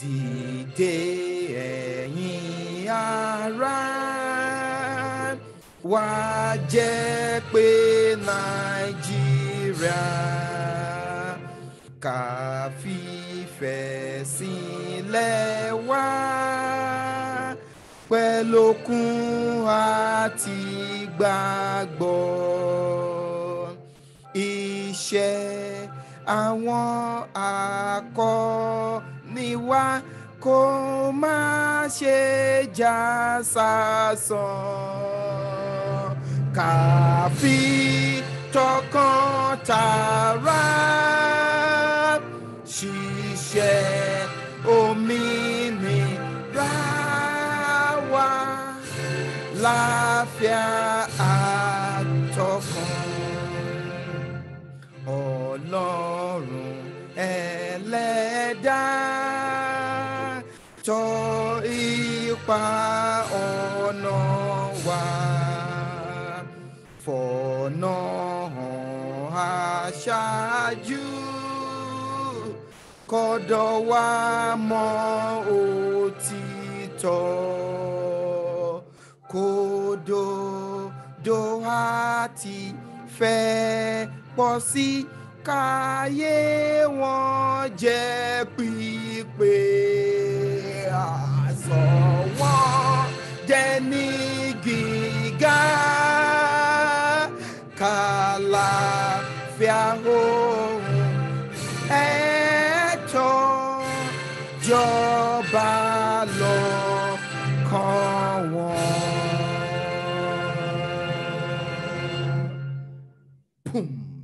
dìde ẹ̀yin ará wá jẹ́ pé nàìjíríà ká fífẹ́ sílẹ̀ wá pẹ̀lókun àti gbàgbọ́ iṣẹ́ àwọn akọ́ wa kó má ṣe já sásán káfí tọkàn tara ṣiṣẹ́ òmìnira wa láfíà àtọkàn ọlọ́run ẹlẹ́dàá tọ́ ipa ọ̀nà wa fọ̀nà hàn aṣáájú kọ́dọ̀ wa mọ̀ òtítọ́ kódòdó àti fẹ́ pọ̀ sí káyé wọn jẹ́ pípé. fiango ẹ̀tọ́ jọba lọ kàn